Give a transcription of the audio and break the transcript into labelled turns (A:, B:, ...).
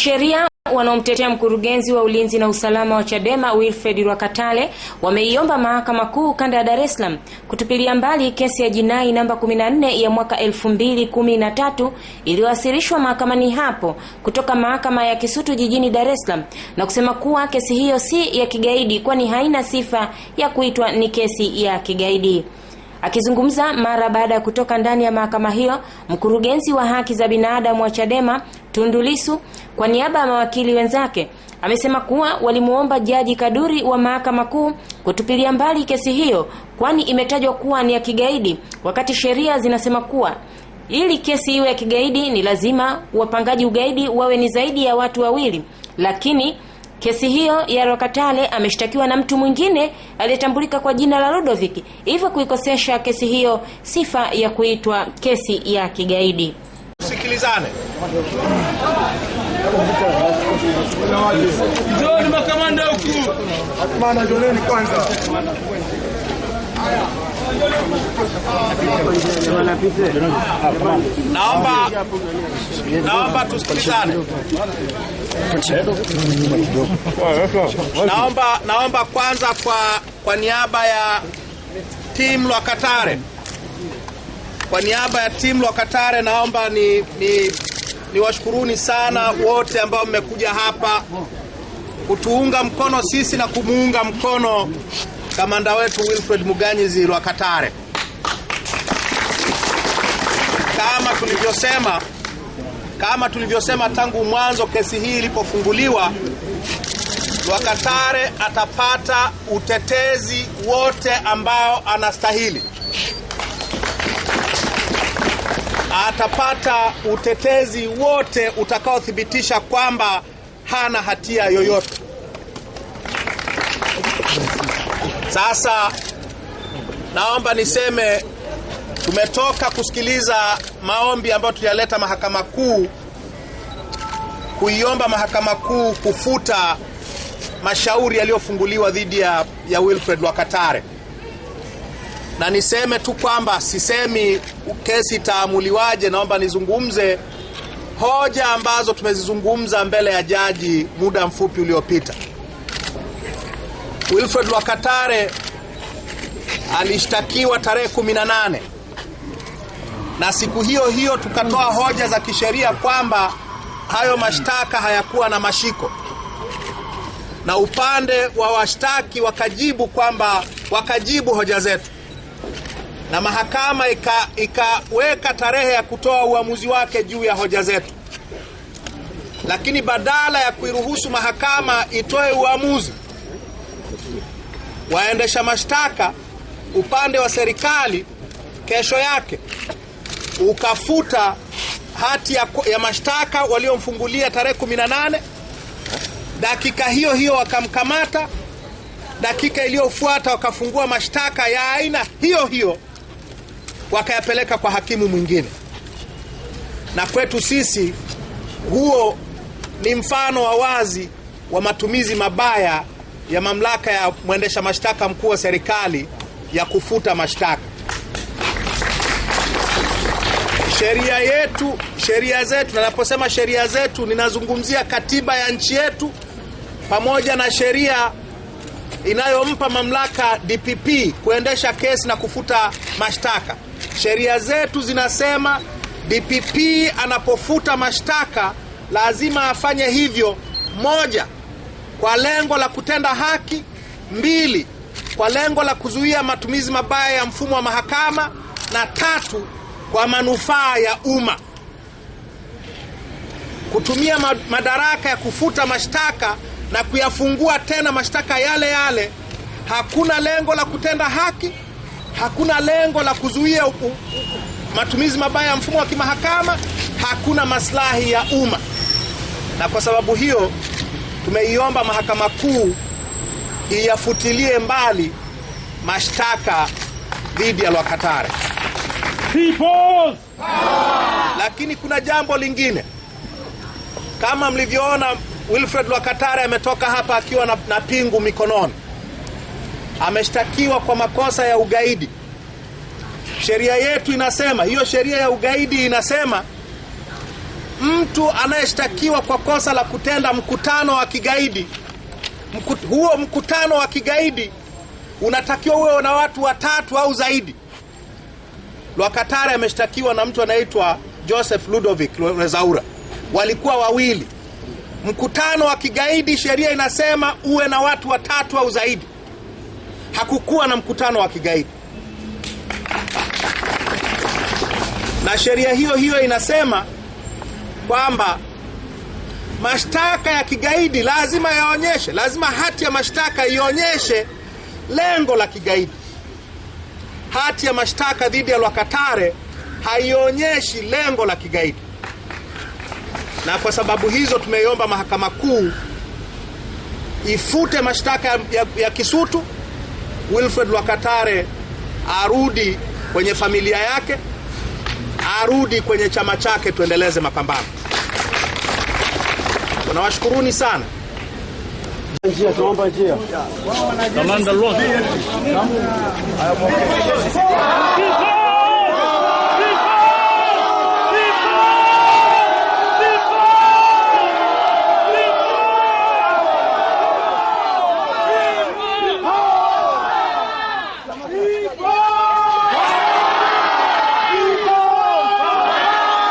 A: Sheria wanaomtetea mkurugenzi wa ulinzi na usalama wa Chadema Wilfred Rwakatale wameiomba mahakama kuu kanda ya Dar es Salaam kutupilia mbali kesi ya jinai namba 14 ya mwaka 2013 iliyowasilishwa mahakamani hapo kutoka mahakama ya Kisutu jijini Dar es Salaam na kusema kuwa kesi hiyo si ya kigaidi kwani haina sifa ya kuitwa ni kesi ya kigaidi. Akizungumza mara baada ya kutoka ndani ya mahakama hiyo, mkurugenzi wa haki za binadamu wa Chadema Tundu Lissu kwa niaba ya mawakili wenzake amesema kuwa walimuomba Jaji Kaduri wa Mahakama Kuu kutupilia mbali kesi hiyo kwani imetajwa kuwa ni ya kigaidi, wakati sheria zinasema kuwa ili kesi iwe ya kigaidi ni lazima wapangaji ugaidi wawe ni zaidi ya watu wawili, lakini Kesi hiyo ya rokatale ameshtakiwa na mtu mwingine aliyetambulika kwa jina la Ludovic, hivyo kuikosesha kesi hiyo sifa ya kuitwa kesi ya kigaidi.
B: Sikilizane. makamanda huku. kwanza. Naomba naomba tusikilizane. Naomba naomba kwanza kwa, kwa niaba ya timu katare kwa niaba ya timu katare naomba ni, ni, ni washukuruni sana wote ambao mmekuja hapa kutuunga mkono sisi na kumuunga mkono kamanda wetu Wilfred Muganyizi Katare. Kama tulivyosema kama tulivyosema tangu mwanzo, kesi hii ilipofunguliwa, Katare atapata utetezi wote ambao anastahili. Atapata utetezi wote utakaothibitisha kwamba hana hatia yoyote. Sasa naomba niseme tumetoka kusikiliza maombi ambayo tuliyaleta Mahakama Kuu kuiomba Mahakama Kuu kufuta mashauri yaliyofunguliwa dhidi ya, ya Wilfred Lwakatare, na niseme tu kwamba sisemi kesi itaamuliwaje. Naomba nizungumze hoja ambazo tumezizungumza mbele ya jaji muda mfupi uliopita. Wilfred Lwakatare alishtakiwa tarehe 18 na siku hiyo hiyo tukatoa hoja za kisheria kwamba hayo mashtaka hayakuwa na mashiko, na upande wa washtaki wakajibu kwamba wakajibu hoja zetu, na mahakama ikaweka tarehe ya kutoa uamuzi wake juu ya hoja zetu, lakini badala ya kuiruhusu mahakama itoe uamuzi waendesha mashtaka upande wa serikali kesho yake ukafuta hati ya, ya mashtaka waliomfungulia tarehe 18, dakika hiyo hiyo wakamkamata, dakika iliyofuata wakafungua mashtaka ya aina hiyo hiyo wakayapeleka kwa hakimu mwingine. Na kwetu sisi huo ni mfano wa wazi wa matumizi mabaya ya mamlaka ya mwendesha mashtaka mkuu wa serikali ya kufuta mashtaka. Sheria yetu, sheria zetu, na naposema sheria zetu ninazungumzia katiba ya nchi yetu pamoja na sheria inayompa mamlaka DPP kuendesha kesi na kufuta mashtaka. Sheria zetu zinasema DPP anapofuta mashtaka lazima afanye hivyo, moja kwa lengo la kutenda haki; mbili, kwa lengo la kuzuia matumizi mabaya ya mfumo wa mahakama; na tatu, kwa manufaa ya umma. Kutumia madaraka ya kufuta mashtaka na kuyafungua tena mashtaka yale yale, hakuna lengo la kutenda haki, hakuna lengo la kuzuia matumizi mabaya ya mfumo wa kimahakama, hakuna maslahi ya umma, na kwa sababu hiyo Tumeiomba Mahakama Kuu iyafutilie mbali mashtaka dhidi ya Lwakatare. Lakini kuna jambo lingine, kama mlivyoona, Wilfred Lwakatare ametoka hapa akiwa na, na pingu mikononi. Ameshtakiwa kwa makosa ya ugaidi. Sheria yetu inasema hiyo, sheria ya ugaidi inasema mtu anayeshtakiwa kwa kosa la kutenda mkutano wa kigaidi mkut, huo mkutano wa kigaidi unatakiwa uwe na watu watatu au zaidi. Lwakatare ameshtakiwa na mtu anaitwa Joseph Ludovic Rezaura, walikuwa wawili. Mkutano wa kigaidi sheria inasema uwe na watu watatu au zaidi. Hakukuwa na mkutano wa kigaidi, na sheria hiyo hiyo inasema kwamba mashtaka ya kigaidi lazima yaonyeshe, lazima hati ya mashtaka ionyeshe lengo la kigaidi. Hati ya mashtaka dhidi ya Lwakatare haionyeshi lengo la kigaidi, na kwa sababu hizo tumeiomba Mahakama Kuu ifute mashtaka ya, ya, ya Kisutu. Wilfred Lwakatare arudi kwenye familia yake, arudi kwenye chama chake, tuendeleze mapambano. dia, sana. Njia, tunaomba njia. Kamanda Lwa.